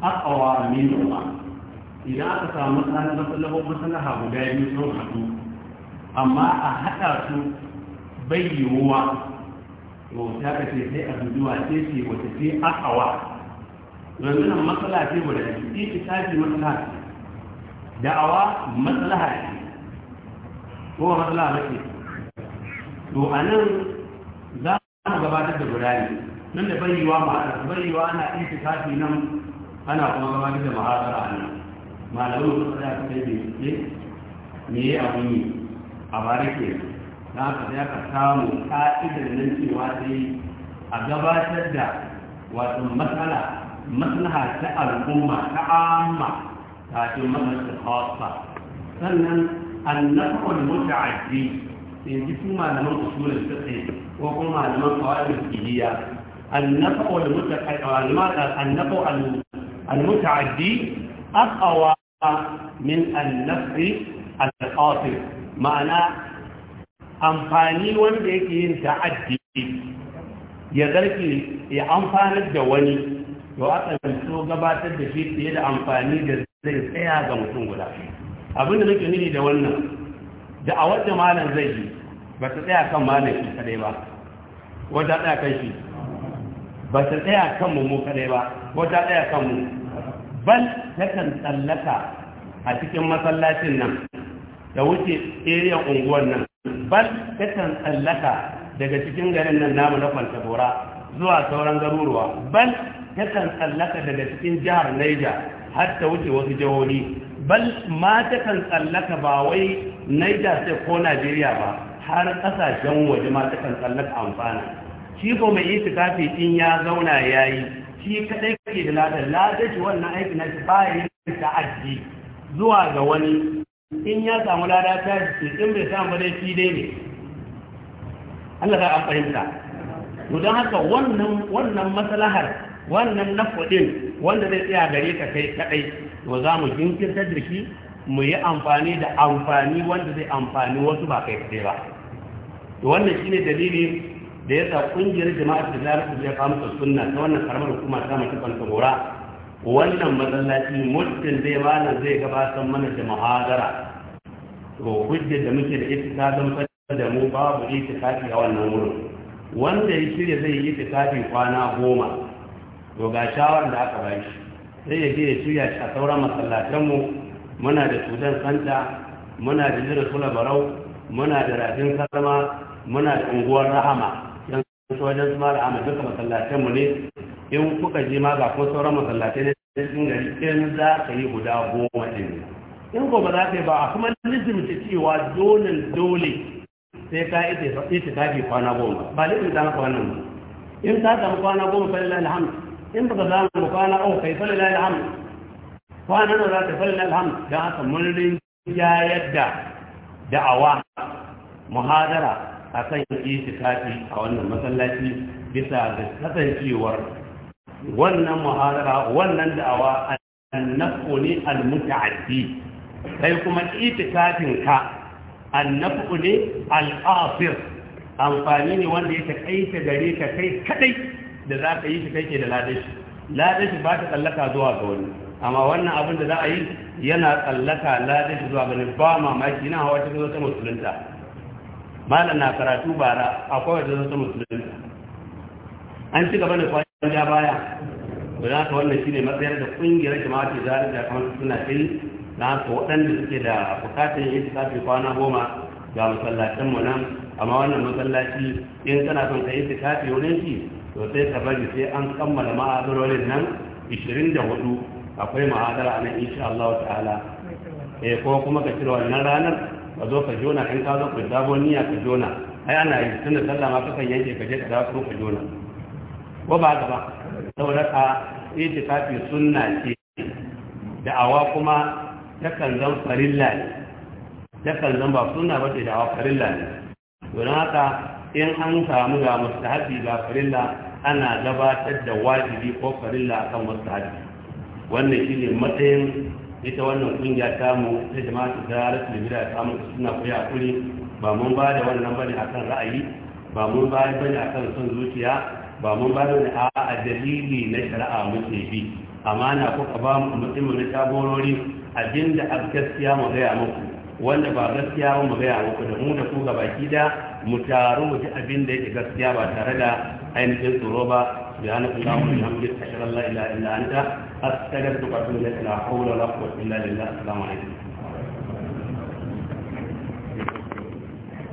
aqwa ma idan aka samu matsalar maslaha guda biyu sun haɗu amma a haɗa su bayyuwa yiwuwa to ta kace sai a zuwa ce ce wata ce aqwa yanzu nan matsala ce guda biyu ita ce maslaha da'awa maslaha ce ko matsala a ce to a nan za mu gabatar da gudani, nan da yiwa ma'ana bayyuwa ana tafi nan ana kuma gabatar da mahadara a nan malamin su tsaya su kai bincike me ya abu ne a bari ke na ka zai aka samu ka'idar nan cewa sai a gabatar da wato matsala maslaha ta al'umma ta amma kafin matsalar hausa. sannan annahu al-muta'addi in ji su malaman usulul fiqh ko kuma malaman qawaid al-fiqhiyya annahu al-muta'addi annahu al-muta'addi aqwa min an-naf'i al-qatil ma'ana amfani wanda yake yin ta'addi ya zarki ya amfanar da wani to aka so gabatar da shi fiye da amfani da zai tsaya ga mutum guda abinda nake nuni da wannan da a wadda malam zai yi ba ta tsaya kan malam shi kadai ba wadda tsaya kan shi ba ta tsaya kan mu kadai ba wadda tsaya kan mu bal takan tsallaka a cikin masallacin nan da wuce area unguwar nan bal takan tsallaka daga cikin garin nan namu na bora zuwa sauran garuruwa bal takan tsallaka daga cikin jihar Niger har ta wuce wasu jihohi bal ma tsallaka ba wai naija sai ko najeriya ba har kasashen waje ma kan tsallaka amfana shi ko mai itikafi in ya zauna ya yi shi kadai kake da ladar ladar shi wannan aiki na shi bayan yin ta'addi zuwa ga wani in ya samu lada ta shi in bai samu dai shi dai ne Allah ta an fahimta don haka wannan wannan maslahar wannan na wanda zai tsaya gare ka kai kadai to za mu jinkirtar da shi mu yi amfani da amfani wanda zai amfani wasu ba kai kadai ba to wannan shine dalili da ya sa kungiyar jama'a da zarar ya kama sunna ta wannan karamar hukuma ta mutum kan gora wannan masallaci mutum zai malam zai gabatar mana da muhadara to hujjar da muke da ita ta zama da mu babu ita itikafi a wannan wurin wanda ya shirya zai yi ita kafin kwana goma to ga da aka bai shi sai ya je ya tuya shi a sauran masallatanmu muna da sudan santa muna da jira sula barau muna da rafin sarama muna da unguwar rahama yan su wajen su mara amma duka masallatanmu ne in kuka je ma ga kuma sauran masallatai ne sun gari in za ka yi guda goma ɗin in ko ba za ka yi ba a kuma ta cewa dole dole sai ka ita ita fi kwana goma ba ta maka wannan in ta samu kwana goma fa lalhamdu in ba za mu kwana au kai falil alhamd kwana nan za ka falil alhamd da haka mun rinja yadda da'awa muhadara a kan akan itikafi a wannan masallaci bisa da kasancewar wannan muhadara wannan da'awa annafu ne almutaaddi kai kuma itikafin ka annafu ne al'asir amfani ne wanda ya takaita gare ka kai kadai da za ka yi shi kake da ladashi ladashi ba ta tsallaka zuwa ga wani amma wannan abin da za a yi yana tsallaka ladashi zuwa ganin ba mamaki na hawa cikin zo musulunta malam na karatu bara akwai wata zo musulunta an ci gaba da kwanan ja baya da za ka wannan shi ne matsayar da kungiyar jama'a ke zarar da kamar suna kai na haka waɗanda suke da bukatar yin itikafi kwana goma ga masallacinmu nan amma wannan masallaci in tana son ka yi itikafi wurin shi to sai ka bari sai an kammala ma'adarorin nan 24 akwai ma'adara nan insha Allah ta'ala eh ko kuma ka cire wannan ranar ka zo ka jona in ka zo ku dabo niyya ka jona ai ana yi tunda sallah ma kakan yanke ka je ka dawo ka jona ko ba ka ba saboda ka itikafi sunna ce da'awa kuma kan zan farilla ne kan zan ba sunna ba ce awa farilla ne don haka in an samu ga mustahabi ga farilla ana gabatar da wajibi ko farilla akan mustahabi wannan shine matsayin ita wannan kungiya ta mu ta jama'a ta da bid'a ta mu suna a kuri ba mun ba da wannan bane akan ra'ayi ba mun ba bane akan son zuciya ba mun ba da a a dalili na shari'a muke bi Amma ko ka ba mu mutum na taborori abinda a gaskiya mu gaya muku wanda ba gaskiya mu gaya muku da mu da ku gabaki da mu taru mu ji abin da yake gaskiya ba tare da ainihin tsoro ba ya na kula mu da hamdu ta shirar la'ila
illa